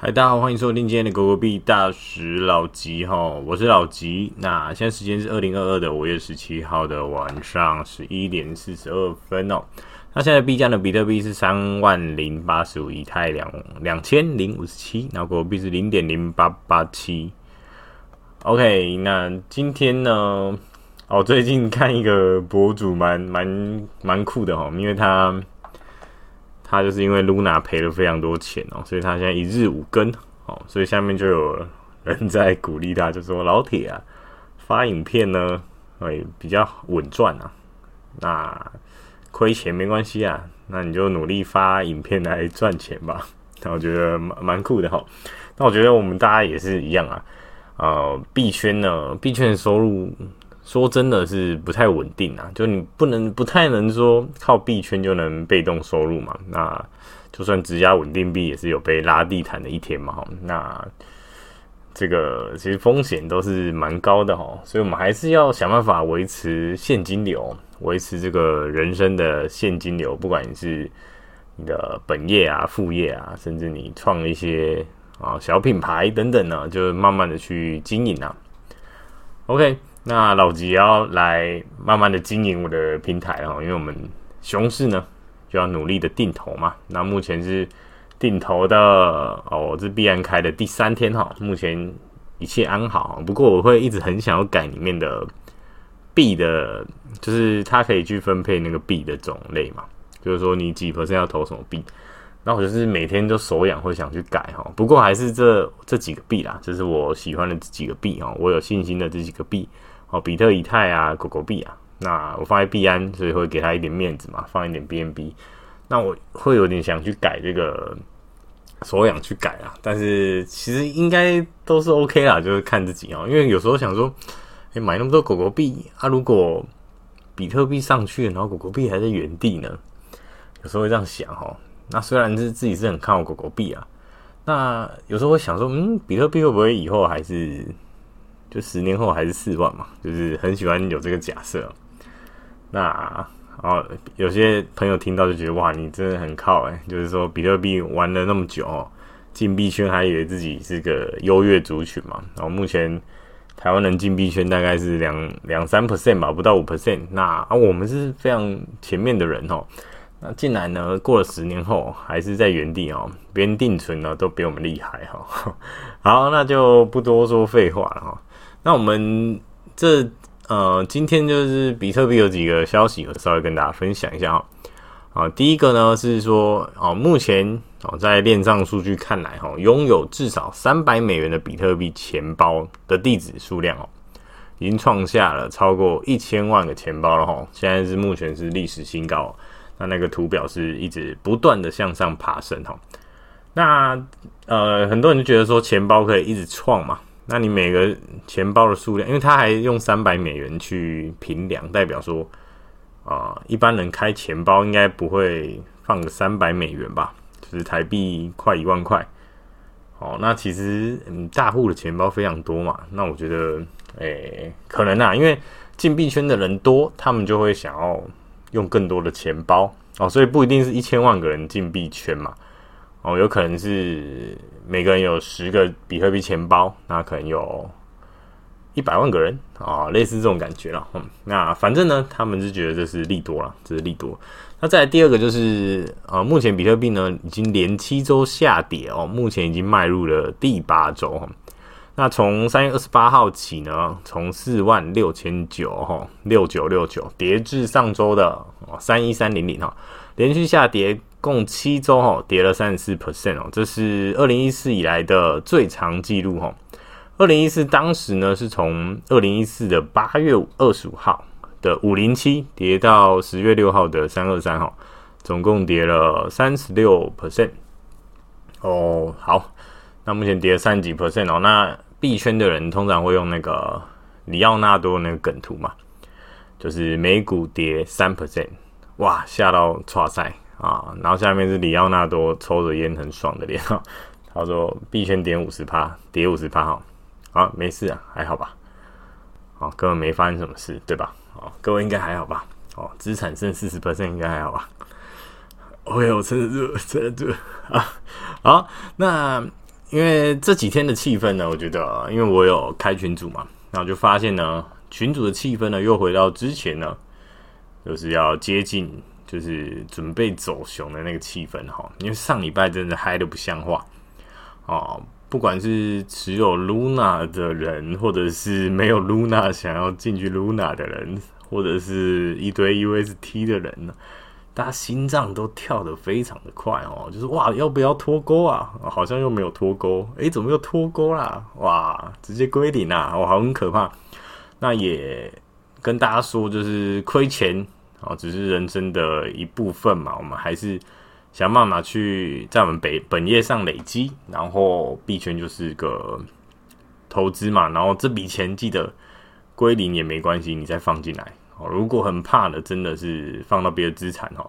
嗨，Hi, 大家好，歡迎收聽今天的狗狗幣大使老吉吼，我是老吉。那現在時間是二零二二的五月十七號的晚上十一點四十二分哦。那現在幣價呢，比特幣是三萬零八十五以太兩兩千零五十七，然後狗狗幣是零點零八八七。OK，那今天呢，我、哦、最近看一個博主蠻，蠻蠻蠻酷的哈，因為他。他就是因為露娜賠了非常多錢哦，所以他現在一日五更哦，所以下面就有人在鼓勵他，就說：“老鐵啊，發影片呢會比較穩賺啊，那虧錢沒關係啊，那你就努力發影片來賺錢吧。”那我覺得蠻蠻酷的哈。那我覺得我們大家也是一樣啊，呃，幣圈呢，幣圈的收入。說真的是不太穩定啊，就你不能不太能說靠幣圈就能被動收入嘛？那就算直押穩定幣，也是有被拉地毯的一天嘛？那這個其實風險都是蠻高的哈，所以我們還是要想辦法維持現金流，維持這個人生的現金流，不管你是你的本業啊、副業啊，甚至你創一些啊小品牌等等呢，就慢慢的去經營啊。OK。那老吉要來慢慢的經營我的平台哈，因為我們熊市呢就要努力的定投嘛。那目前是定投的哦，這是幣安開的第三天哈，目前一切安好。不過我會一直很想要改裡面的幣的，就是它可以去分配那個幣的種類嘛，就是說你幾 percent 要投什麼幣。那我就是每天都手癢會想去改哈，不過還是這這幾個幣啦，這，就是我喜歡的這幾個幣哦，我有信心的這幾個幣。哦，比特以太啊，狗狗幣啊，那我放在幣安，所以會給他一點面子嘛，放一點 BNB，那我會有點想去改這個，所以想去改啊，但是其實應該都是 OK 啦，就是看自己哦。因為有時候想說，誒，欸，買那麼多狗狗幣啊，如果比特幣上去了，然後狗狗幣還在原地呢，有時候會這樣想哦，那雖然是自己是很看好狗狗幣啊，那有時候會想說，嗯，比特幣會不會以後還是？就十年後還是四萬嘛，就是很喜歡有這個假設。那然、哦、有些朋友聽到就覺得哇，你真的很靠誒、欸、就是說比特幣玩了那麼久、哦，進幣圈還以為自己是個優越族群嘛。然、哦、後目前台灣人進幣圈大概是兩兩三 percent 吧，不到五 percent。那啊、哦，我們是非常前面的人哦。那進來呢，過了十年後還是在原地哦，別人定存呢都比我們厲害哈、哦。 好，那就不多說廢話了哈、哦。那我們這呃，今天就是比特幣有幾個消息，我稍微跟大家分享一下哈。啊、呃，第一個呢是說，啊、呃，目前哦、呃，在鏈上數據看來，哈，擁有至少三百美元的比特幣錢包的地址數量哦，已經創下了超過一千萬個錢包了哈。現在是目前是歷史新高。那那個圖表是一直不斷的向上爬升哈。那呃，很多人就覺得說，錢包可以一直創嘛。那你每個錢包的數量，因為他還用三百美元去評量，代表說啊、呃，一般人開錢包應該不會放個三百美元吧，就是台幣快一萬塊。哦，那其實嗯，大戶的錢包非常多嘛，那我覺得誒、欸，可能啊，因為禁幣圈的人多，他們就會想要用更多的錢包哦，所以不一定是一千萬個人禁幣圈嘛。哦，有可能是每個人有十個比特幣錢包，那可能有一百萬個人啊、哦，類似這種感覺了、嗯。那反正呢，他們是覺得這是利多了，這是利多。那再來第二個就是，呃，目前比特幣呢已經連七周下跌哦，目前已經邁入了第八周、哦。那從三月二十八號起呢，從四萬六千九哈六九六九跌至上周的三一三零零哈，連續下跌。共七周哦，跌了三十四 percent 哦，這是二零一四以來的最長記錄哦。二零一四當時呢，是從二零一四的八月二十五號的五零七跌到十月六號的三二三號，總共跌了三十六 percent 哦。好，那目前跌了三十幾 percent 哦。那幣圈的人通常會用那個里奧納多那個梗圖嘛，就是美股跌三 percent 哇，嚇到剉賽。啊，然後下面是李奧納多抽着煙很爽的臉哈、啊。他說：“幣圈跌五十趴，跌五十趴哈，啊，沒事啊，還好吧，啊，根本沒發生什麼事，對吧？啊，各位應該還，、啊、還好吧？哦，資產剩四十 percent 應該還好吧？哎呦，撐得住撐得住啊！好，那因為這幾天的氣氛呢，我覺得，因為我有開群組嘛，然後就發現呢，群組的氣氛呢又回到之前呢，就是要接近。”就是準備走熊的那個氣氛哈，因為上禮拜真的嗨的不像話啊、喔！不管是持有 Luna 的人，或者是沒有 Luna 想要進去 Luna 的人，或者是一堆 UST 的人，大家心臟都跳的非常的快哦、喔，就是哇，要不要脫鈎啊？好像又沒有脫鈎，哎、欸，怎麼又脫鈎啦？哇，直接歸零啦，我好很可怕。那也跟大家說，就是虧錢。哦，只是人生的一部分嘛，我們還是想辦法去在我們本本業上累積，然後幣圈就是個投資嘛，然後這筆錢記得歸零也沒關係，你再放進來。哦，如果很怕的，真的是放到別的資產哦，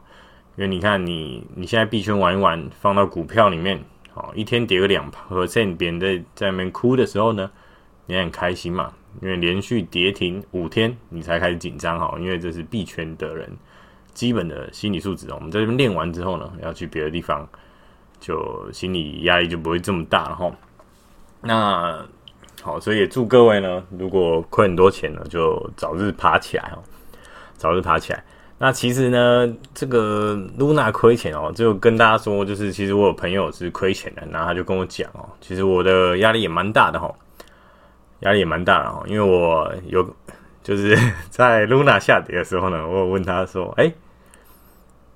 因為你看你你現在幣圈玩一玩，放到股票裡面，哦，一天跌個兩趴三趴，別人在在那邊哭的時候呢，你還很開心嘛。因為連續跌停五天，你才開始緊張哈。因為這是幣圈的人基本的心理素質哦。我們在這邊練完之後呢，要去別的地方，就心理壓力就不會這麼大了哈。那好，所以也祝各位呢，如果虧很多錢呢，就早日爬起來哦，早日爬起來。那其實呢，這個露娜虧錢哦，就跟大家說，就是其實我有朋友是虧錢的，然後他就跟我講哦，其實我的壓力也蠻大的哈。壓力也蠻大的哦，因為我有就是在 Luna 下跌的時候呢，我有問他說：“哎、欸，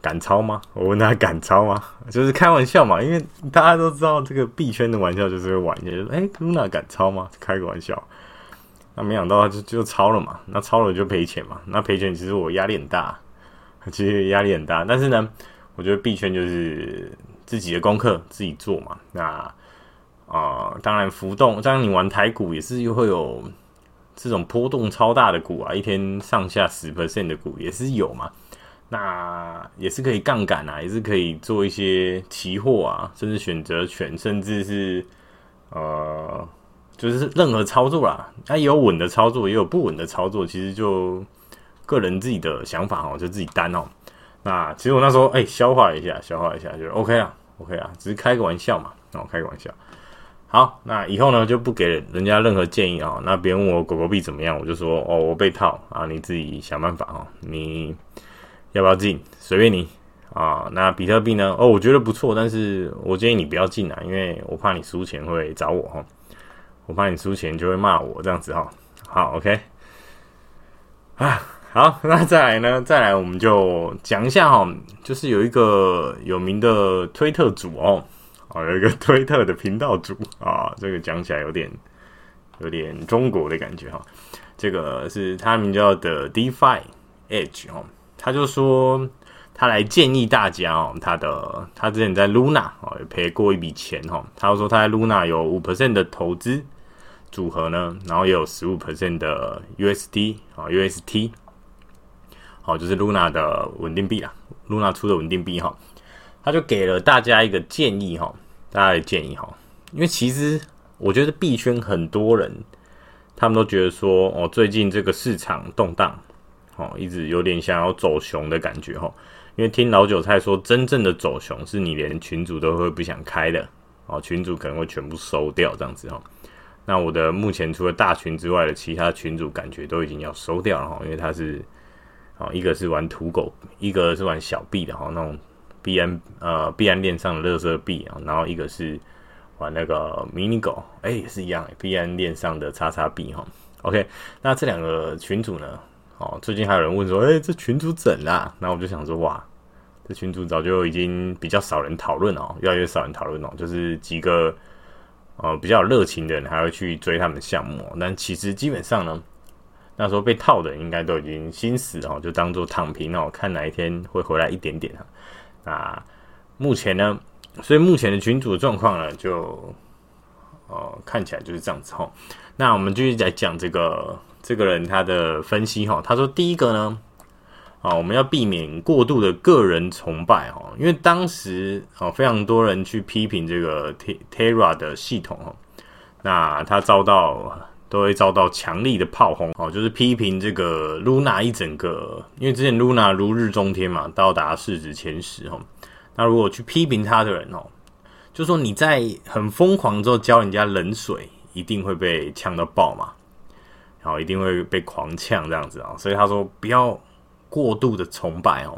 敢抄嗎？”我問他：“敢抄嗎？”就是開玩笑嘛，因為大家都知道這個幣圈的玩笑就是個玩笑，就是“哎、欸，Luna 敢抄嗎？”開個玩笑。那沒想到就就抄了嘛，那抄了就賠錢嘛，那賠錢其實我壓力很大，其實壓力很大。但是呢，我覺得幣圈就是自己的功課自己做嘛，那。啊、呃，當然浮動，當然你玩台股也是又會有這種波動超大的股啊，一天上下十 percent 的股也是有嘛，那也是可以槓桿啊，也是可以做一些期貨啊，甚至選擇權，甚至是呃，就是任何操作啦，那也有穩的操作，也有不穩的操作，其實就個人自己的想法哦、喔，就自己擔哦、喔。那其實我那時候哎、欸，消化了一下，消化了一下就 OK 啊，OK 啊，只是開個玩笑嘛，哦、喔，開個玩笑。好，那以後呢，就不給人，人家任何建議啊、哦。那別人問我狗狗幣怎麼樣，我就說哦，我被套啊，你自己想辦法哦。你要不要進，隨便你啊。那比特幣呢？哦，我覺得不錯，但是我建議你不要進來，啊，因為我怕你輸錢會找我哈、哦。我怕你輸錢就會罵我這樣子哈、哦。好，OK，啊，好，那再來呢？再來我們就講一下哈、哦，就是有一個有名的推特組哦。哦，有一個推特的頻道主啊、哦，這個講起來有點有點中國的感覺哈、哦。這個是他名叫的 DeFi Edge 哦，他就說他來建議大家哦，他的他之前在 Luna 哦也賠過一筆錢哦，他說他在 Luna 有五 percent 的投資組合呢，然後也有十五 percent 的 USD 啊、哦、，UST 好、哦、就是 Luna 的穩定幣啦、嗯、，Luna 出的穩定幣哈、哦，他就給了大家一個建議哈。哦大家的建議哈，因為其實我覺得幣圈很多人他們都覺得說哦，最近這個市場動盪哦，一直有點想要走熊的感覺哈。因為聽老韭菜說，真正的走熊是你連群主都會不想開的哦，群主可能會全部收掉這樣子哈。那我的目前除了大群之外的其他群主感覺都已經要收掉了哈，因為他是啊，一個是玩土狗，一個是玩小幣的哈，那種。BN 呃，BN 鏈上的樂色幣啊，然後一個是玩那個迷你狗，哎、欸，也是一樣，BN 鏈上的叉叉幣哈。OK，那這兩個群主呢？哦、喔，最近還有人問說，哎、欸，這群主怎啦？那我就想說，哇，這群主早就已經比較少人討論哦，越來越少人討論哦，就是幾個呃比較熱情的人還會去追他們項目喔，但其實基本上呢，那時候被套的人應該都已經心死哦、喔，就當做躺平哦、喔，看哪一天會回來一點點啊。啊，目前呢，所以目前的群組狀況呢，就，哦，看起來就是這樣子哦，那我們繼續來講這個這個人他的分析哈、哦。他說第一個呢，啊、哦，我們要避免過度的個人崇拜哦，因為當時哦非常多人去批評這個 Terra 的系統、哦、那他遭到。都會遭到強力的炮轟哦，就是批評這個露娜，一整個，因為之前露娜如日中天嘛，到達市值前十，那如果去批評他的人哦，就說你在很瘋狂之後澆人家冷水，一定會被嗆到爆嘛，然後一定會被狂嗆這樣子啊。所以他說不要過度的崇拜哦。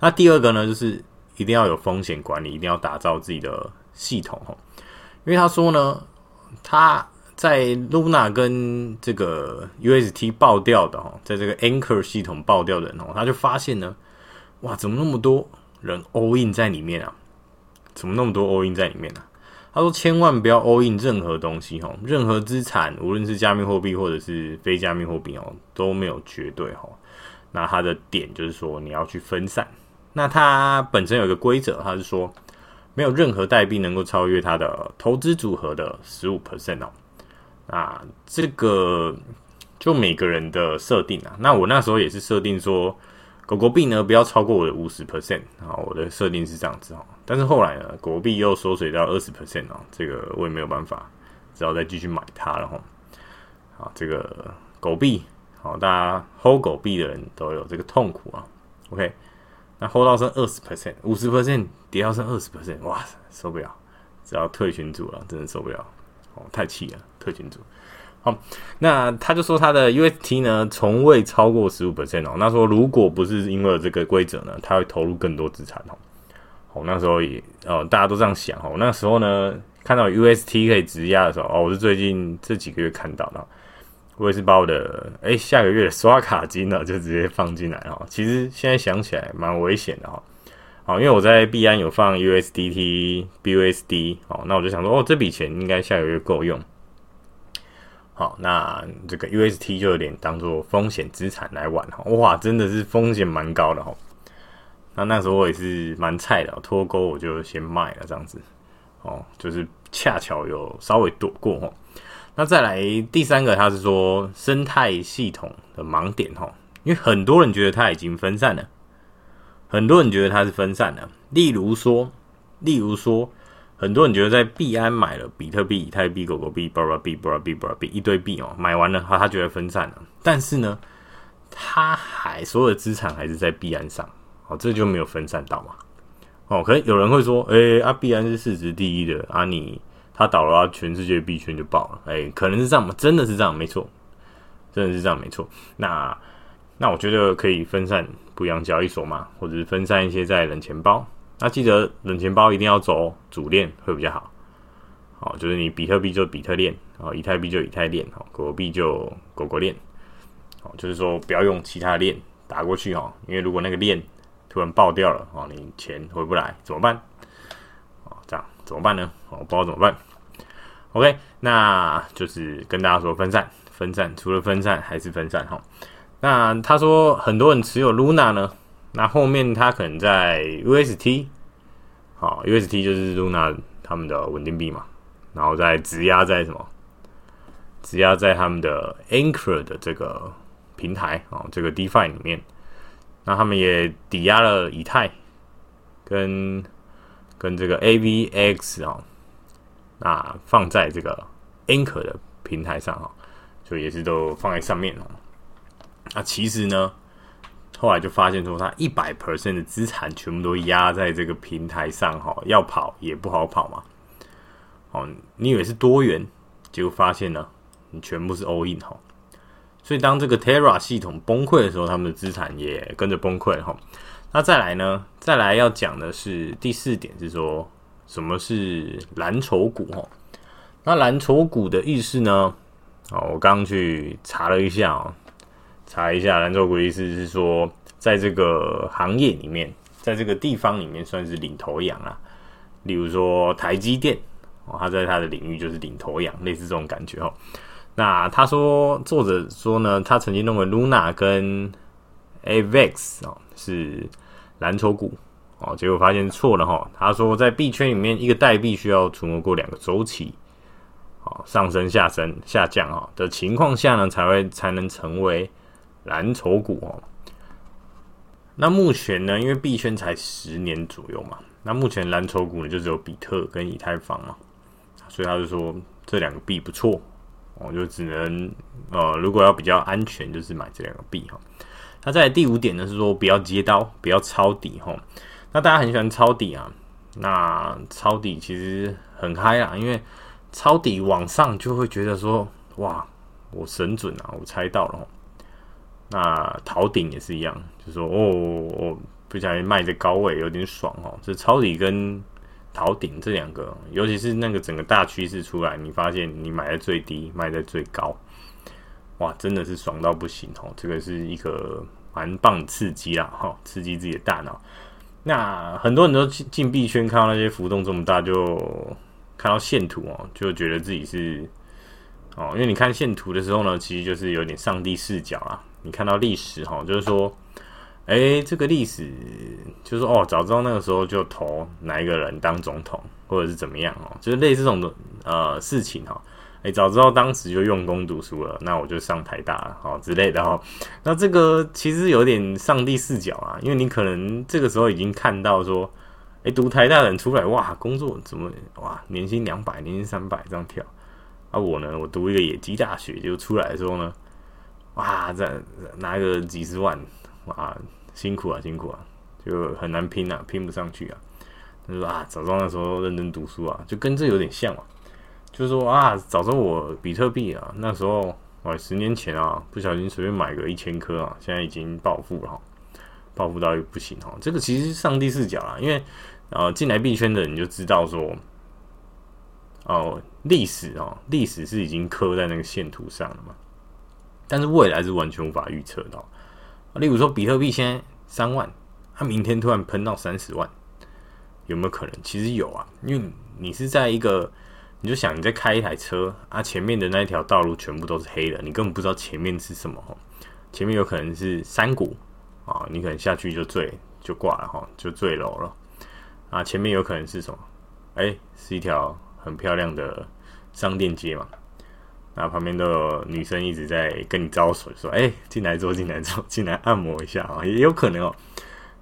那第二個呢，就是一定要有風險管理，一定要打造自己的系統，因為他說呢，他。在 Luna 跟這個 UST 爆掉的哦，在這個 Anchor 系統爆掉的人哦，他就發現呢，哇，怎麼那麼多人 all in 在裡面啊？怎麼那麼多 all in 在裡面啊？他說千萬不要 all in 任何東西哦，任何資產，無論是加密貨幣或者是非加密貨幣哦，都沒有絕對哈。那他的點就是說你要去分散。那他本身有一個規則，他是說沒有任何代幣能夠超越他的投資組合的十五 percent 哦。啊，這個就每個人的設定啊。那我那時候也是設定說，狗狗幣呢不要超過我的五十 percent 啊。我的設定是這樣子哦，但是後來呢，狗幣又縮水到二十 percent 哦，這個我也沒有辦法，只好再繼續買它了吼。好，這個狗幣，好，大家 hold 狗幣的人都有這個痛苦啊。OK，那 hold 到剩二十 percent，五十 percent 跌到剩二十 percent，哇，受不了，只要退群組了，真的受不了。哦，太氣了，特勤組。好，那他就說他的 UST 呢，從未超過十五 percent 哦。那說如果不是因為這個規則呢，他會投入更多資產哦。哦、喔，那時候也哦、喔，大家都這樣想哦、喔。那時候呢，看到 UST 可以質押的時候哦、喔，我是最近這幾個月看到的。我也是把我的誒、欸、下個月的刷卡金呢，就直接放進來哦、喔。其實現在想起來，蠻危險的哈。好，因為我在幣安有放 USDT、BUSD，好，那我就想說，哦，這筆錢應該下個月夠用。好，那這個 UST 就有點當做風險資產來玩哈，哇，真的是風險蠻高的哈。那那時候我也是蠻菜的，脫鈎我就先賣了，這樣子，哦，就是恰巧有稍微躲過哈。那再來第三個，他是說生態系統的盲點哈，因為很多人覺得它已經分散了。很多人覺得它是分散的，例如說，例如說，很多人覺得在幣安買了比特幣、以太幣、狗狗幣、巴拉幣、巴拉幣、巴拉幣一堆幣哦、喔，買完了他覺得分散了，但是呢，他還所有的資產還是在幣安上，哦、喔，這就沒有分散到嘛？哦、喔，可能有人會說，哎、欸，啊幣安是市值第一的，啊你他倒了，全世界幣圈就爆了，哎、欸，可能是這樣嗎？真的是這樣，沒錯，真的是這樣，沒錯，那。那我覺得可以分散不一樣交易所嘛，或者是分散一些在冷錢包。那記得冷錢包一定要走主鏈會比較好。好，就是你比特幣就比特鏈，哦，以太幣就以太鏈，哦，狗狗幣就狗狗鏈。好，就是說不要用其他鏈打過去，因為如果那個鏈突然爆掉了，你錢回不來，怎麼辦？哦，這樣怎麼辦呢？我不知道怎麼辦。OK，那就是跟大家說分散，分散，除了分散還是分散哈。那他說，很多人持有 Luna 呢，那後面他可能在 UST，哦，UST 就是 Luna 他們的穩定幣嘛，然後再質押在什麼？質押在他們的 Anchor 的這個平台啊，這個 DeFi 裡面，那他們也抵押了以太，跟跟這個 AVX 啊，那放在這個 Anchor 的平台上啊，就也是都放在上面了哦。那、啊、其實呢，後來就發現說他100，他一百 percent 的資產全部都壓在這個平台上，哈，要跑也不好跑嘛，哦，你以為是多元，結果發現呢，你全部是 all in，哈，所以當這個 Terra 系統崩潰的時候，他們的資產也跟着崩潰，哈。那再來呢，再來要講的是第四點，就是說，什麼是藍籌股，哈。那藍籌股的意思呢，哦，我剛剛去查了一下哦。查一下藍籌股的意思是說，在這個行業裡面，在這個地方裡面算是領頭羊啊。例如說台積電哦，他在他的領域就是領頭羊，類似這種感覺哦。那他說，作者說呢，他曾經認為 Luna 跟 AVEX e、哦、啊是藍籌股哦，結果發現錯了哈、哦。他說在幣圈裡面，一個代幣需要存活過兩個周期，哦，上升、下升、下降啊、哦、的情況下呢，才會才能成為。藍籌股哦，那目前呢，因為幣圈才十年左右嘛，那目前藍籌股呢就只有比特跟以太坊嘛，所以他就說這兩個幣不錯，我、哦、就只能呃，如果要比較安全，就是買這兩個幣哈。那在第五點呢是說不要接刀，不要抄底哈。那大家很喜歡抄底啊，那抄底其實很嗨啊，因為抄底往上就會覺得說哇，我神準啊，我猜到了哈。那逃頂也是一樣，就說哦，我、哦哦、不小心賣在高位，有點爽哦。這抄底跟逃頂這兩個，尤其是那個整個大趨勢出來，你發現你買在最低，賣在最高，哇，真的是爽到不行哦。這個是一個蠻棒刺激啦，哈、哦，刺激自己的大腦。那很多人都進進幣圈，看到那些浮動這麼大，就看到線圖、哦，就覺得自己是哦，因為你看線圖的時候呢，其實就是有點上帝視角啊。你看到歷史哈，就是說，哎、欸，這個歷史就是哦，早知道那個時候就投哪一個人當總統，或者是怎麼樣哦，就是類似這種的呃事情哈。哎、欸，早知道當時就用功讀書了，那我就上台大了哦之類的哈、哦。那這個其實有點上帝視角啊，因為你可能這個時候已經看到說，哎、欸，讀台大的人出來哇，工作怎麼哇，年薪兩百、年薪三百這樣跳，而、啊、我呢，我讀一個野雞大學就出來的時候呢。哇，這拿一個幾十萬，哇，辛苦啊，辛苦啊，就很難拼啊，拼不上去啊。他說啊，早上的時候認真讀書啊，就跟這有點像啊。就是說啊，早上我比特幣啊，那時候我十年前啊，不小心隨便買個一千顆啊，現在已經暴富了哈，暴富到又不行哈。這個其實是上帝視角啊，因為呃，進來幣圈的人就知道說，哦、呃，歷史哦，歷史是已經刻在那個線圖上了嘛。但是未來是完全無法預測到、哦，例如說比特幣現在三萬，它、啊、明天突然噴到三十萬，有沒有可能？其實有啊，因為你是在一個，你就想你在開一台車啊，前面的那一條道路全部都是黑的，你根本不知道前面是什麼、哦，前面有可能是山谷啊、哦，你可能下去就墜就掛了哈、哦，就墜樓了啊，前面有可能是什麼？哎，是一條很漂亮的商店街嘛。那、啊、旁邊都有女生一直在跟你招手，說：“哎、欸，進來坐，進來坐，進來按摩一下啊、哦！”也有可能哦。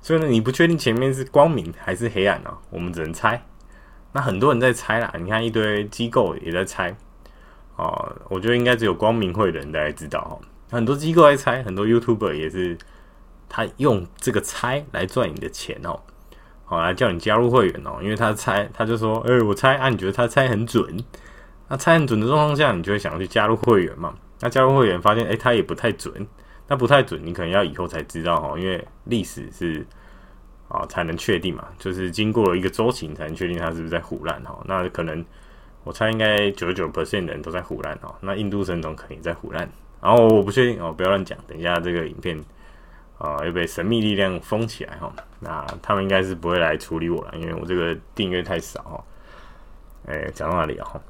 所以呢，你不確定前面是光明還是黑暗呢、哦？我們只能猜。那很多人在猜啦，你看一堆機構也在猜。哦，我覺得應該只有光明會的人大概知道、哦、很多機構在猜，很多 YouTuber 也是，他用這個猜來賺你的錢哦。好、哦、來叫你加入會員哦，因為他猜，他就說：“哎、欸，我猜啊，你覺得他猜很準？”那猜很準的狀況下，你就會想要去加入會員嘛？那加入會員發現，哎、欸，它也不太準。那不太準，你可能要以後才知道哈，因為歷史是啊、哦、才能確定嘛，就是經過了一個周期才能確定它是不是在胡亂哈。那可能我猜應該九十九 percent 的人都在胡亂哦，那印度神童肯定在胡亂，然後我不確定哦，不要亂講。等一下這個影片啊又、哦、被神秘力量封起來哈、哦。那他們應該是不會來處理我了，因為我這個訂閱太少。誒、哦、講、欸、到哪裡了啊？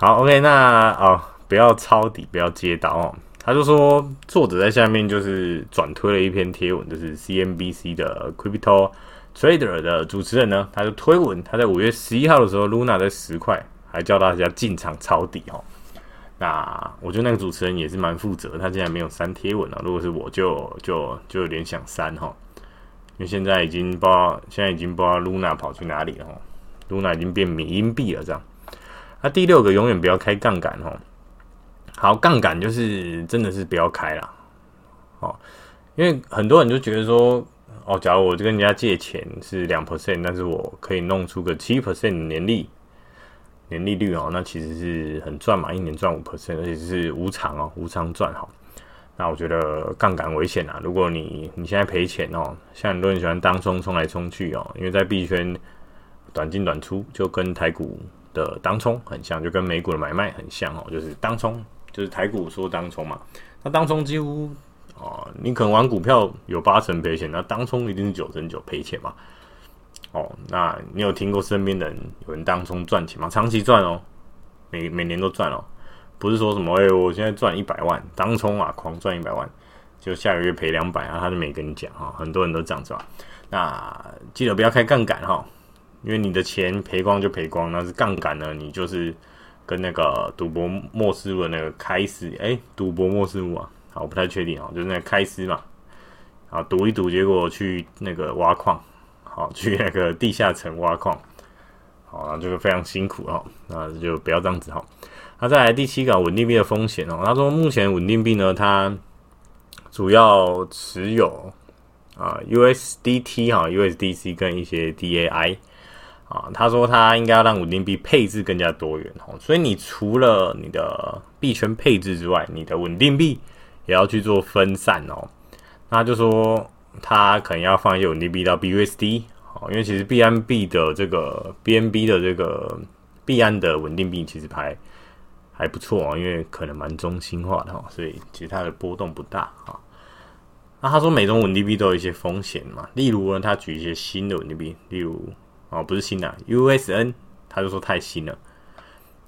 好，OK，那啊、哦，不要抄底，不要接刀哦。他就說，作者在下面就是轉推了一篇貼文，就是 CNBC 的 Crypto Trader 的主持人呢，他就推文，他在五月十一號的時候，Luna 在十塊，還叫大家進場抄底哦。那我覺得那個主持人也是蠻負責的，他竟然沒有刪貼文啊、哦，如果是我就，就就就有點想刪哈、哦，因為現在已經不知道，現在已經不知道 Luna 跑去哪裡了哈、哦。Luna 已經變緬因幣了，這樣。那、啊、第六個永遠不要開槓桿哦，好，槓桿就是真的是不要開啦。哦，因為很多人就覺得說，哦，假如我跟人家借錢是兩 percent，但是我可以弄出個七 percent 的年利年利率哦，那其實是很賺嘛，一年賺五 percent，而且是無償哦，無償賺哈，那我覺得槓桿危險啊，如果你你現在賠錢哦，像很多人喜歡當沖衝來衝去哦，因為在幣圈短進短出，就跟台股。的當沖很像，就跟美股的買賣很像哦，就是當沖，就是台股說當沖嘛。那當沖幾乎啊、呃，你可能玩股票有八成賠錢，那當沖一定是九成九賠錢嘛。哦，那你有聽過身邊的人有人當沖賺錢嗎？長期賺哦，每每年都賺哦，不是說什麼哎、欸，我現在賺一百萬當沖啊，狂賺一百萬，就下個月賠兩百啊，他就沒跟你講啊。很多人都這樣賺，那記得不要開槓桿哈。因為你的錢賠光就賠光，那是槓桿呢，你就是跟那個賭博默示錄那個開司，哎，欸、賭博默示錄啊，好，我不太確定哦、喔，就是那個開司嘛，啊，賭一賭，結果去那個挖礦，好，去那個地下城挖礦，好，這個非常辛苦哦、喔，那就不要這樣子哈。那再來第七個啊、穩定幣的風險哦、喔，他說目前穩定幣呢，它主要持有啊、呃、USDT 哈、喔、USDC 跟一些 DAI。啊，他說他應該要讓穩定幣配置更加多元哦，所以你除了你的幣圈配置之外，你的穩定幣也要去做分散哦。那就說他可能要放一些穩定幣到 BUSD，因為其實 BNB 的這個 BNB 的這個幣安的穩定幣其實還還不錯哦，因為可能蠻中心化的哈，所以其實它的波動不大哈。那他說每種穩定幣都有一些風險嘛，例如呢，他舉一些新的穩定幣，例如。哦，不是新的、啊、USN，他就說太新了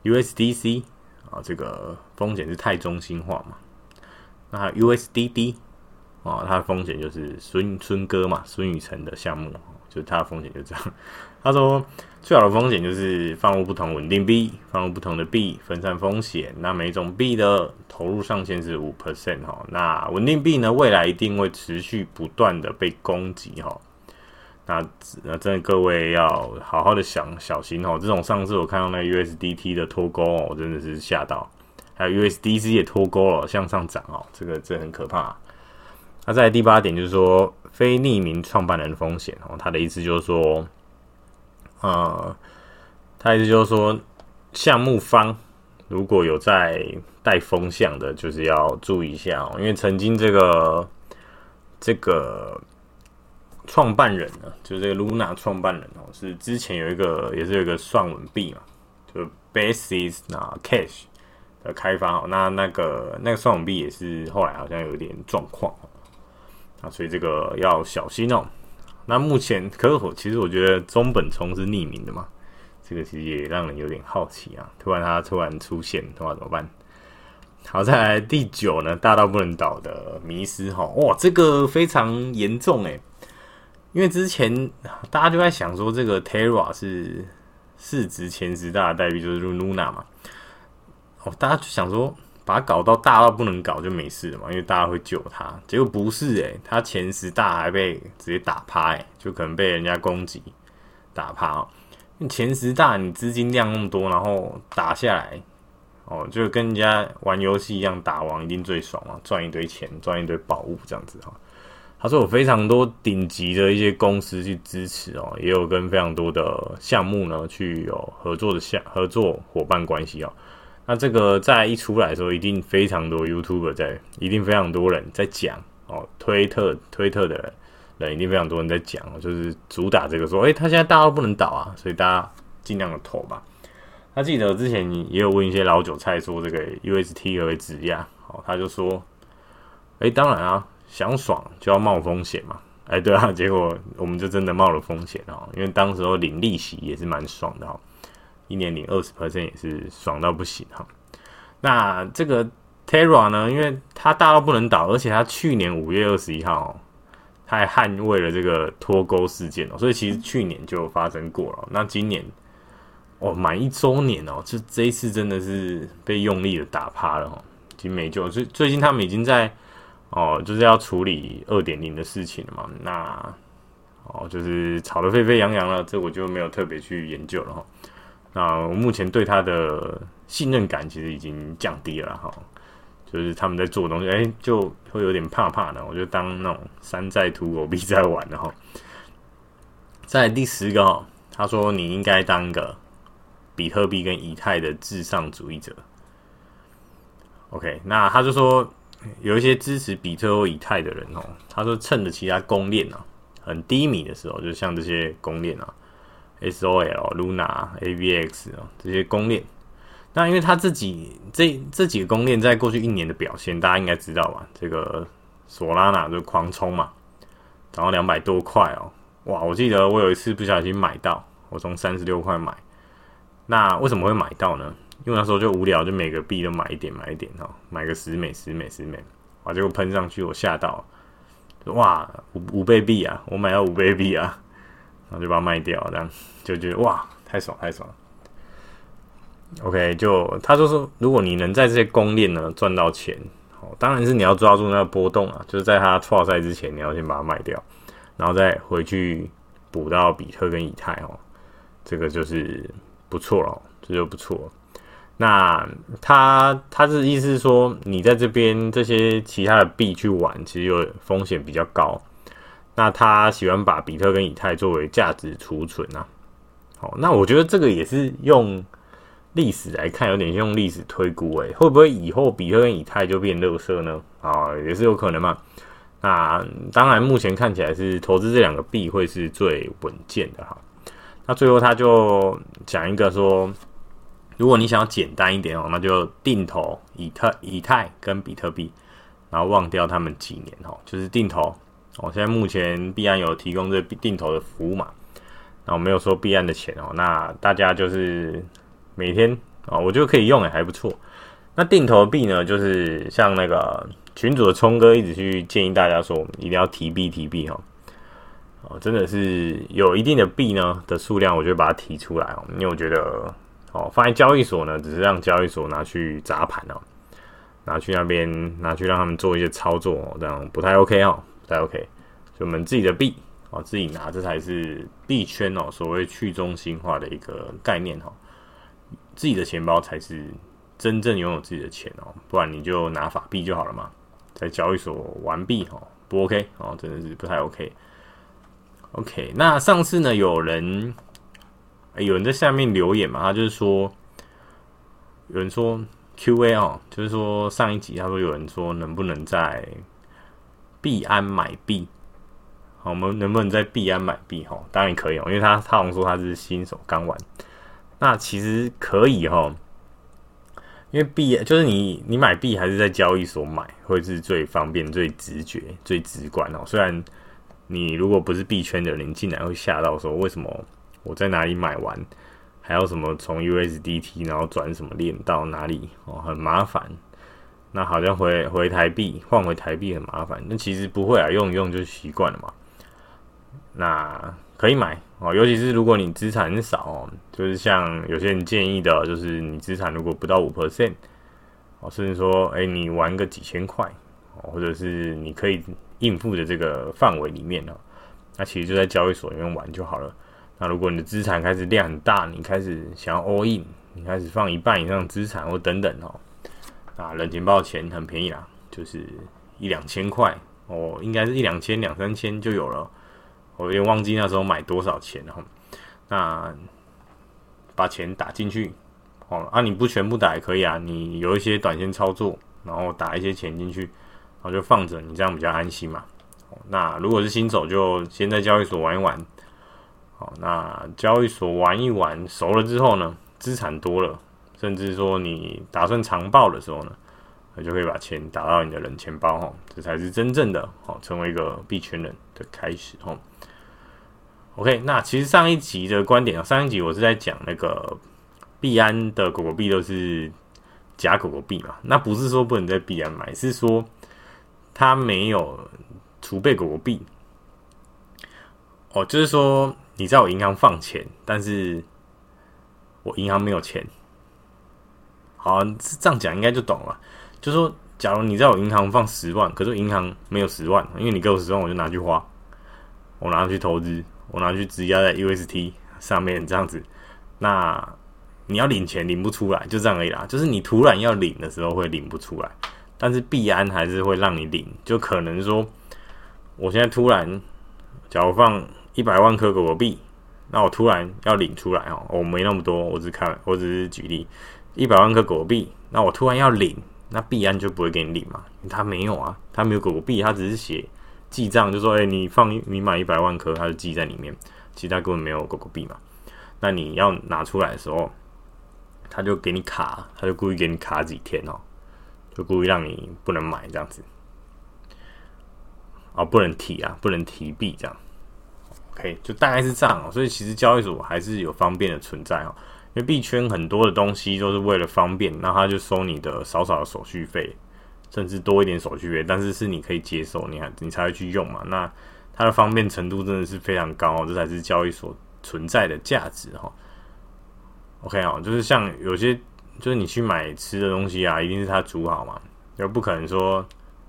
，USDC 啊、哦，這個風險是太中心化嘛。那 USDD 啊、哦，它的風險就是孫孫哥嘛，孫宇晨的項目，就它的風險就這樣。他說最好的風險就是放入不同穩定幣，放入不同的幣分散風險。那每種幣的投入上限是五 percent 哦。那穩定幣呢，未來一定會持續不斷的被攻擊哈。哦那那真的各位要好好的想小心哦、喔，這種，上次我看到那 USDT 的脫鈎哦，我真的是嚇到，還有 USDC 也脫鈎了，向上漲哦、喔，這個這很可怕、啊。那、啊、在第八點就是說非匿名創辦人風險哦、喔，他的意思就是說，啊、呃，他意思就是說項目方如果有在帶風向的，就是要注意一下哦、喔，因為曾經這個這個。創辦人呢，就是這個 Luna 創辦人哦，是之前有一個也是有一個算穩幣嘛，就 Basis 啊 Cash 的開發哦，那那個那個算穩幣也是後來好像有點狀況哦，啊，所以這個要小心哦、喔。那目前可否其實我覺得中本聰是匿名的嘛，這個其實也讓人有點好奇啊，突然它突然出現的話怎麼辦？好，再來第九呢，大到不能倒的迷思哈，哇、喔，這個非常嚴重哎、欸。因為之前大家就在想說，這個 Terra 是市值前十大的代幣，就是 Luna 嘛。哦，大家就想說把它搞到大到不能搞就沒事了嘛，因為大家會救它。結果不是誒、欸，它前十大還被直接打趴誒、欸，就可能被人家攻擊打趴、哦。因為前十大你資金量那麼多，然後打下來哦，就跟人家玩遊戲一樣打王一定最爽嘛，賺一堆錢，賺一堆寶物這樣子哈、哦。他說有非常多頂級的一些公司去支持哦，也有跟非常多的項目呢去有合作的項，合作夥伴關係哦。那這個在一出來的時候，一定非常多 YouTuber 在，一定非常多人在講哦。推特推特的人，人一定非常多人在講，就是主打這個說，誒、欸，他現在大家都不能倒啊，所以大家盡量的投吧。那記得之前也有問一些老韭菜說這個 UST 和質押，好、哦，他就說，誒、欸，當然啊。想爽就要冒風險嘛，哎、欸，對啊，結果我們就真的冒了風險哈、喔，因為當時候領利息也是蠻爽的哈、喔，一年領二十 percent 也是爽到不行哈、喔。那這個 Terra 呢，因為它大到不能倒,而且它去年五月二十一號、喔，它還捍衛了這個脫鈎事件哦、喔，所以其實去年就發生過了、喔。那今年哦，滿、喔、一周年哦、喔，這這一次真的是被用力的打趴了哈、喔，已經沒救了。最最近他們已經在。哦，就是要處理二點零的事情了嘛？那哦，就是吵得沸沸揚揚了，這我就沒有特別去研究了哈、哦。那我目前對他的信任感其實已經降低了哈、哦，就是他們在做東西，哎，就會有點怕怕的。我就當那種山寨土狗幣在玩了哈、哦。在第十個、哦，他說你應該當個比特幣跟以太的至上主義者。OK，那他就說。有一些支持比特幣以太的人哦、喔，他說趁着其他公鏈啊很低迷的時候，就像這些公鏈啊，SOL A,、喔、Luna、AVX 這些公鏈，那因為他自己這這幾個公鏈在過去一年的表現，大家應該知道吧？這個索拉納就狂衝嘛，漲到兩百多塊哦、喔，哇！我記得我有一次不小心買到，我從三十六塊買，那為什麼會買到呢？因為那時候就無聊，就每個幣都買一點買一點哈，買個十美十美十美，哇、啊！結果噴上去，我嚇到就，哇，五五倍幣啊！我買到五倍幣啊，然後就把它賣掉了，這樣就覺得哇，太爽太爽了。OK，就他就說，如果你能在這些公鏈呢賺到錢，哦，當然是你要抓住那個波動啊，就是在它破賽之前，你要先把它賣掉，然後再回去補到比特跟以太哦，這個就是不錯了，哦、這個、就不錯。那他他的意思是說，你在這邊這些其他的幣去玩，其實有風險比較高。那他喜歡把比特跟以太作為價值儲存啊。好，那我覺得這個也是用歷史來看，有點像用歷史推估誒、欸，會不會以後比特跟以太就變垃圾呢？啊，也是有可能嘛。那當然，目前看起來是投資這兩個幣會是最穩健的哈。那最後他就講一個說。如果你想要簡單一點哦，那就定投以特、以太跟比特幣，然後忘掉他們幾年哦，就是定投。我、哦、現在目前幣安有提供這定投的服務嘛？然後沒有說幣安的錢哦，那大家就是每天啊、哦，我就可以用也還不錯。那定投幣呢，就是像那個群主的沖哥一直去建議大家說，我們一定要提幣、提幣哈、哦。哦，真的是有一定的幣呢的數量，我就會把它提出來哦，因為我覺得。哦，放在交易所呢，只是讓交易所拿去砸盤哦，拿去那邊，拿去讓他們做一些操作哦，這樣不太 OK 哦，不太 OK。所以我們自己的幣哦，自己拿，這才是幣圈哦，所謂去中心化的一個概念哈。自己的錢包才是真正擁有自己的錢哦，不然你就拿法幣就好了嘛，在交易所玩幣哦，不 OK 哦，真的是不太 OK。OK，那上次呢，有人。哎、欸，有人在下面留言嘛？他就是說，有人說 Q A 哦，就是說上一集他說有人說能不能在幣安買幣？我、哦、們能不能在幣安買幣？哈，當然可以哦，因為他他好像說他是新手剛玩，那其實可以哈、哦，因為幣就是你你買幣還是在交易所買會是最方便、最直覺、最直觀哦。雖然你如果不是幣圈的人，你竟然會嚇到說為什麼？我在哪裡買完，還要什麼從 USDT 然後轉什麼鏈到哪裡哦、喔，很麻煩。那好像回回台幣換回台幣很麻煩，那其實不會啊，用一用就習慣了嘛。那可以買哦、喔，尤其是如果你資產很少、喔，就是像有些人建議的、喔，就是你資產如果不到五 percent 哦，甚至說哎、欸、你玩個幾千塊哦、喔，或者是你可以應付的這個範圍裡面呢、喔，那其實就在交易所裡面玩就好了。那如果你的資產開始量很大，你開始想要 all in，你開始放一半以上資產或等等哦，啊，冷錢包的錢很便宜啦，就是一兩千塊哦，應該是一兩千兩三千就有了，我有點忘記那時候買多少錢了，哦。那把錢打進去哦，啊，你不全部打也可以啊，你有一些短線操作，然後打一些錢進去，然後就放着，你這樣比較安心嘛。哦，那如果是新手，就先在交易所玩一玩。好，那交易所玩一玩熟了之後呢，資產多了，甚至說你打算長抱的時候呢，那就可以把錢打到你的冷錢包，吼，這才是真正的，吼，成為一個幣圈人的開始，哦。OK，那其實上一集的觀點啊，上一集我是在講那個幣安的狗狗幣都是假狗狗幣嘛，那不是說不能在幣安買，是說它沒有儲備狗狗幣，哦，就是說。你在我銀行放錢，但是我銀行沒有錢。好啊，這樣講應該就懂了。就說，假如你在我銀行放十萬，可是銀行沒有十萬，因為你給我十萬，我就拿去花，我拿去投資，我拿去質押在 UST 上面這樣子，那你要領錢領不出來，就這樣而已啦。就是你突然要領的時候會領不出來，但是幣安還是會讓你領，就可能說，我現在突然假如放。一百萬顆狗狗幣，那我突然要領出來哦，我沒那麼多，我只看，我只是舉例，一百萬顆狗狗幣，那我突然要領，那幣安就不會給你領嘛，他沒有啊，他沒有狗狗幣，他只是寫記賬，就說，哎、欸，你放，你買一百萬顆，他就記在裡面，其他根本沒有狗狗幣嘛，那你要拿出來的時候，他就給你卡，他就故意給你卡幾天哦，就故意讓你不能買這樣子，啊、哦，不能提啊，不能提幣這樣。OK，就大概是這樣喔，所以其實交易所，還是有方便的存在喔，因為幣圈很多的東西都是為了方便，那他就收你的少少的手續費，甚至多一點手續費，但是是你可以接受，你還你才會去用嘛。那它的方便程度真的是非常高喔，這才是交易所存在的價值喔。OK 喔，就是像有些就是你去買吃的東西啊，一定是他煮好嘛，又不可能說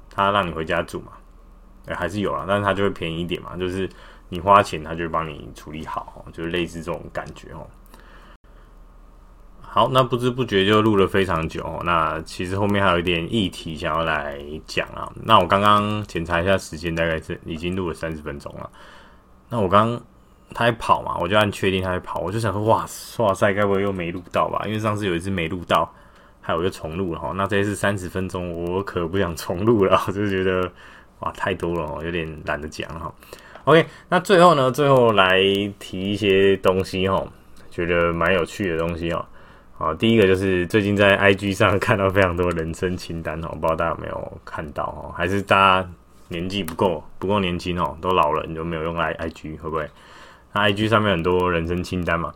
他讓你回家煮嘛。還是有啦，但是它就會便宜一點嘛，就是你花錢，它就幫你處理好，就是類似這種感覺哦。好，那不知不覺就錄了非常久，那其實後面還有一點議題想要來講啊。那我剛剛檢查一下時間，大概是已經錄了三十分鐘了。那我剛剛它在跑嘛，我就按確定它在跑，我就想說哇，哇塞，該不會又沒錄到吧？因為上次有一次沒錄到，還有就重錄了哈。那這次三十分鐘，我可不想重錄了，就覺得。哇，太多了哦，有點懶得講哈、哦。OK，那最後呢，最後來提一些東西哦，覺得蠻有趣的東西哦。啊，第一個就是最近在 IG 上看到非常多人生清單哦，不知道大家有沒有看到哦，還是大家年紀不夠，不夠年輕哦，都老了就沒有用 I IG 會不會？那 IG 上面很多人生清單嘛，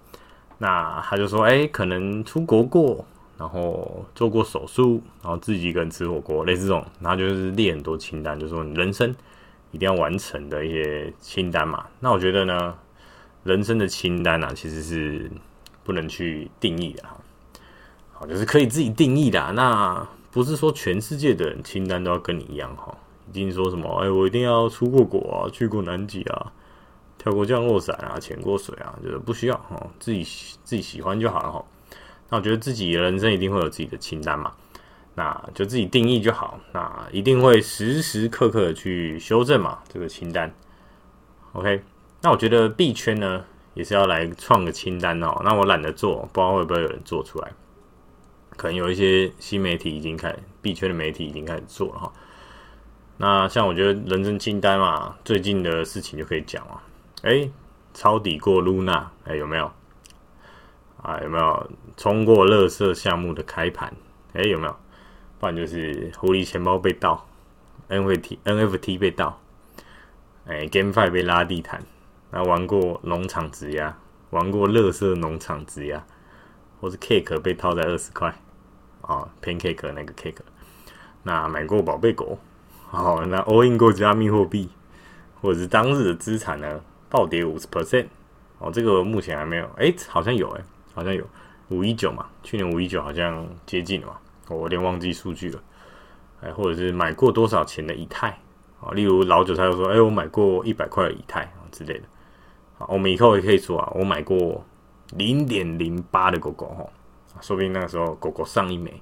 那他就說，哎、欸，可能出國過。然後做過手術，然後自己一個人吃火鍋，類似這種，然後就是列很多清單，就是說你人生一定要完成的一些清單嘛。那我覺得呢，人生的清單啊，其實是不能去定義的，好，就是可以自己定義的啊。那不是說全世界的清單都要跟你一樣哈，一定說什麼哎，我一定要出過國啊，去過南極啊，跳過降落傘啊，潛過水啊，就是不需要哈、哦，自己自己喜歡就好了哈。那我覺得自己的人生一定會有自己的清單嘛，那就自己定義就好。那一定會時時刻刻的去修正嘛，這個清單。OK，那我覺得幣圈呢也是要來創個清單哦。那我懶得做，不知道會不會有人做出來。可能有一些新媒體已經開始，幣圈的媒體已經開始做了哈、哦。那像我覺得人生清單嘛，最近的事情就可以講啊。哎，抄底過 Luna，哎有沒有？啊，有沒有衝過樂色項目的開盤？誒、欸，有沒有？不然就是狐狸錢包被盜，NFT NFT 被盜，誒、欸、GameFi 被拉地毯。那玩過農場質押，玩過樂色農場質押，或是被、啊 Pan、Cake 被套在二十塊啊，Pancake 那個 Cake。那買過寶貝狗，好、啊，那 All In 過加密貨幣，Go Z a m H、B, 或者是當日的資產呢暴跌五十 percent 哦，這個目前還沒有，誒、欸，好像有誒、欸。好像有五一九嘛，去年五一九好像接近了嘛，我有點忘記數據了。哎、欸，或者是買過多少錢的以太啊？例如老韭菜又說，哎、欸，我買過一百塊的以太啊之類的。我們以後也可以說啊，我買過零點零八的狗狗吼，說不定那個時候狗狗上一枚。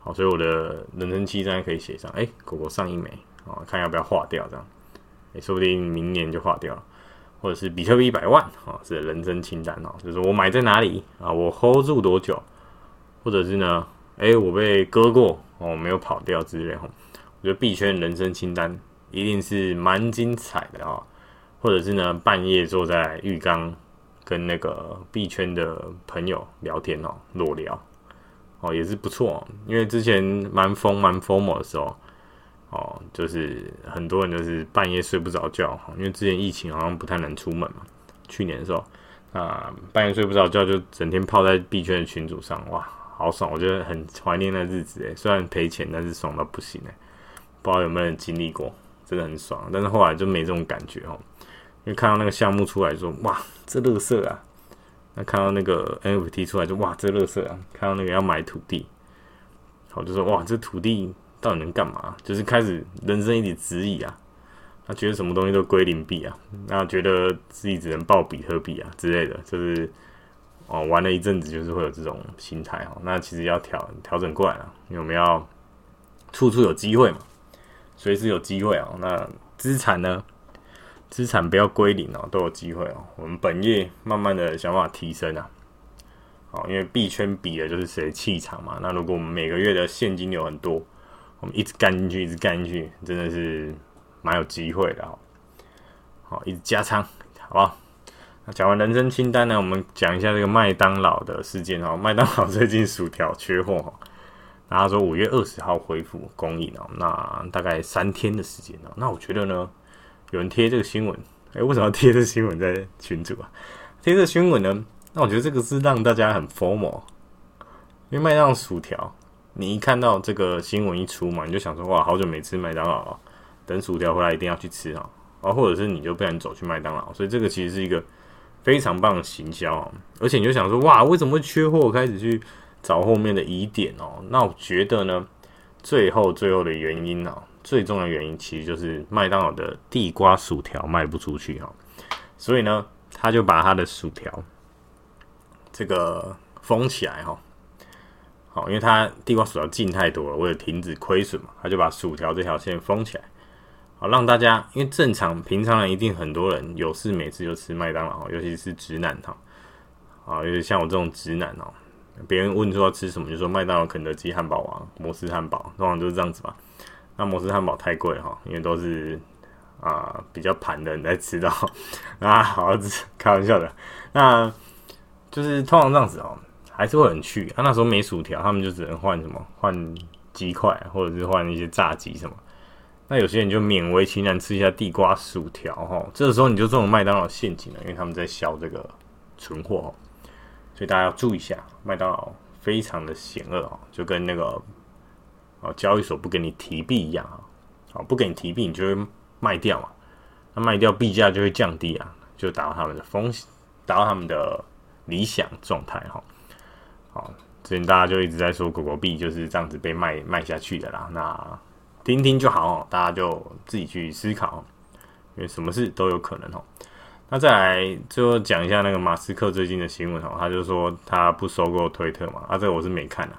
好，所以我的人生清單可以寫上，哎、欸，狗狗上一枚啊，看要不要劃掉這樣、欸，說不定明年就劃掉了。或者是比特幣一百萬啊、哦，是人生清單哦，就是我買在哪裡啊，我 hold 住多久，或者是呢，哎、欸，我被割過哦，沒有跑掉之類哦，我覺得幣圈人生清單一定是蠻精彩的啊、哦，或者是呢，半夜坐在浴缸跟那個幣圈的朋友聊天哦，裸聊哦，也是不錯，因為之前蠻瘋蠻 FOMO 的時候。哦，就是很多人就是半夜睡不着覺，因為之前疫情好像不太能出門嘛。去年的時候，啊、呃，半夜睡不着覺就整天泡在幣圈的群組上，哇，好爽！我覺得很懷念那日子誒，雖然賠錢，但是爽到不行誒。不知道有沒有人經歷過，真的很爽。但是後來就沒這種感覺哦，因為看到那個項目出來說，說哇，這樂色啊！那看到那個 NFT 出來就，就哇，這樂色啊！看到那個要買土地，好，就說哇，這土地到底能幹嘛？就是開始人生一直質疑啊，他、啊、覺得什麼東西都歸零幣啊，那、啊、覺得自己只能抱比特幣啊之類的，就是哦玩了一陣子，就是會有這種心態哈、哦。那其實要調調整過來啊，因為我們要處處有機會嘛，隨時有機會啊、哦。那資產呢，資產不要歸零哦，都有機會哦。我們本月慢慢的想辦法提升啊，好，因為幣圈比的就是誰氣場嘛。那如果我們每個月的現金流很多。我們一直幹進去，一直幹進去，真的是蠻有機會的哦。好，一直加倉，好不好？那講完人生清單呢，我們講一下這個麥當勞的事件哦。麥當勞最近薯條缺貨，然後說五月二十號恢復供應哦。那大概三天的時間哦。那我覺得呢，有人貼這個新聞，誒、欸、為什麼要貼這個新聞在群組啊？貼這個新聞呢，那我覺得這個是讓大家很 FOMO，因為麥當勞薯條。你一看到這個新聞一出嘛，你就想說哇，好久沒吃麥當勞了，等薯條回來一定要去吃啊啊！或者是你就不想走去麥當勞，所以這個其實是一個非常棒的行銷啊！而且你就想說哇，為什麼會缺貨？開始去找後面的疑點哦。那我覺得呢，最後最後的原因啊，最重要的原因其實就是麥當勞的地瓜薯條賣不出去哈，所以呢，他就把他的薯條這個封起來哈。好，因為它地瓜薯條進太多了，為了停止虧損嘛，他就把薯條這條線封起來。好，讓大家因為正常平常人一定很多人有事沒事就吃麥當勞，尤其是直男哈。啊，尤其像我這種直男哦，別人問說要吃什麼，就說麥當勞、肯德基、漢堡王、摩斯漢堡，通常都是這樣子嘛。那摩斯漢堡太貴哈，因為都是啊、呃、比較盤的你在吃到。啊，好像，只開玩笑的，那就是通常這樣子哦。還是會很去，他、啊、那時候沒薯條，他們就只能換什麼換雞塊，或者是換一些炸雞什麼。那有些人就勉為其難吃一下地瓜薯條哈。這個時候你就中了麥當勞陷阱了，因為他們在銷這個存貨，所以大家要注意一下，麥當勞非常的險惡哈，就跟那個哦、喔、交易所不給你提幣一樣啊，哦不給你提幣，你就會賣掉嘛，那賣掉幣價就會降低啊，就達到他們的風險，達到他們的理想狀態哈。好，之前大家就一直在說狗狗幣就是這樣子被賣賣下去的啦，那聽聽就好，大家就自己去思考，因為什麼事都有可能哦。那再來最後講一下那個馬斯克最近的新聞哦，他就說他不收購推特嘛，啊這個我是沒看啊，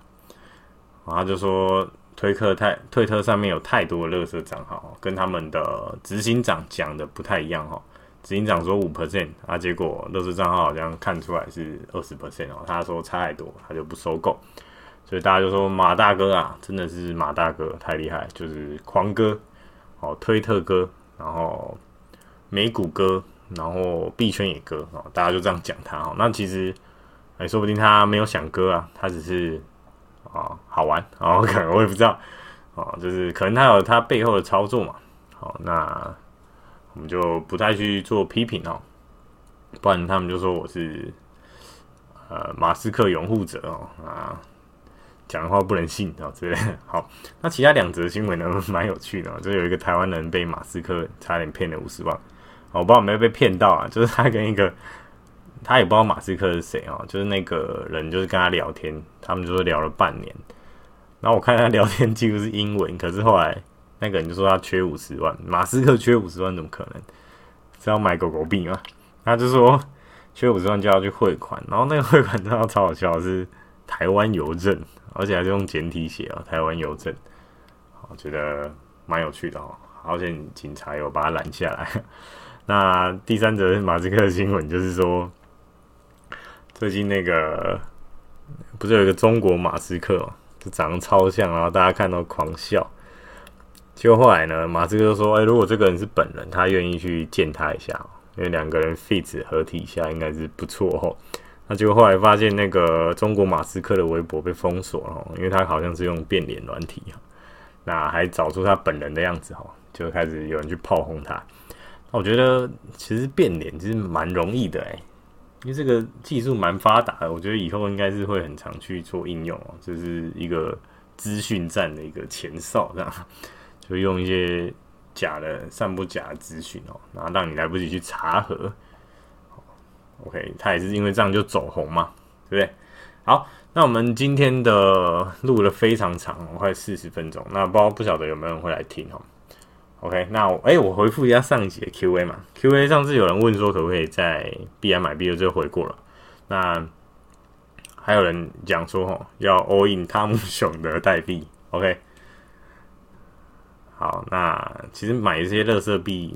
然後他就說推特太推特上面有太多的樂色賬號，跟他們的執行長講的不太一樣哦。執行長說五 percent 啊，結果樂視賬號好像看出來是二十 percent 他說差太多，他就不收購。所以大家就說馬大哥啊，真的是馬大哥太厲害，就是狂割哦，推特割，然後美股割，然後幣圈也割、哦、大家就這樣講他哦。那其實哎，說不定他沒有想割啊，他只是啊、哦、好玩，然、哦、後可能我也不知道、哦、就是可能他有他背後的操作嘛。好、哦，那。我們就不再去做批評哦，不然他們就說我是呃馬斯克擁護者哦啊，講的話不能信啊之類。好，那其他兩則新聞呢，蠻有趣的哦，就有一個台灣人被馬斯克差點騙了五十萬，我不知道有沒有被騙到啊。就是他跟一個，他也不知道馬斯克是誰哦，就是那個人就是跟他聊天，他們就是聊了半年，然後我看他聊天記錄是英文，可是後來。那個人就說他缺五十萬，馬斯克缺五十萬怎麼可能？是要買狗狗幣嗎？他就說缺五十萬就要去匯款，然後那個匯款真的超好笑，是台灣郵政，而且還是用簡體寫哦，台灣郵政，我覺得蠻有趣的哦，而且警察有把他攔下來。那第三則是馬斯克的新聞就是說，最近那個不是有一個中國馬斯克哦，就長得超像，然後大家看到狂笑。就後來呢，馬斯克就說：“哎、欸，如果這個人是本人，他願意去見他一下、喔，因為兩個人 fit 合體一下應該是不錯吼。”那就後來發現那個中國馬斯克的微博被封鎖了、喔，因為他好像是用變臉軟體、喔、那還找出他本人的樣子哈、喔，就開始有人去炮轟他。我覺得其實變臉其實蠻容易的哎、欸，因為這個技術蠻發達的，我覺得以後應該是會很常去做應用哦、喔，就是一個資訊戰的一個前哨這樣。就用一些假的、散布假的資訊哦，然後讓你來不及去查核。OK，他也是因為這樣就走紅嘛，對不對？好，那我們今天的錄了非常長，我快四十分鐘。那包不曉得有沒有人會來聽哦。OK，那哎、欸，我回復一下上一集的 QA 嘛。QA 上次有人問說可不可以在 BM 買幣就後回過了。那還有人講說哦，要 all in 湯姆熊的代幣。OK。好，那其實買一些垃圾幣，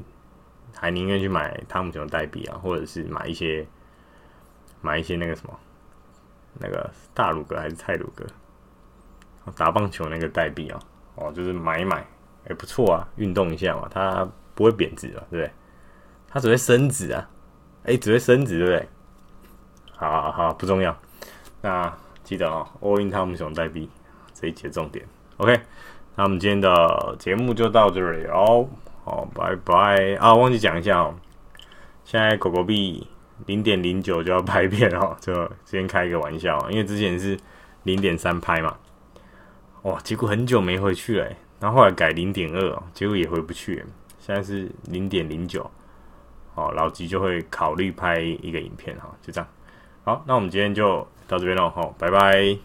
還寧願去買湯姆熊代幣啊，或者是買一些買一些那個什麼，那個大魯閣，還是太魯閣，打棒球那個代幣啊，哦，就是買一買，哎、欸，不錯啊，運動一下嘛，它不會貶值啊，對不對？它只會升值啊，哎、欸，只會升值，對不對？好好好，不重要，那記得哦，all in 湯姆熊代幣這一節重點，OK。那我們今天的節目就到這裡哦，好，拜拜啊！忘記講一下哦，現在狗狗幣零點零九就要拍片了哦，就先開一個玩笑哦，因為之前是零點三拍嘛，哇，結果很久沒回去了，然後後來改零點二，結果也回不去，現在是零點零九，哦，老吉就會考慮拍一個影片哈，就這樣，好，那我們今天就到這邊了哦。拜拜。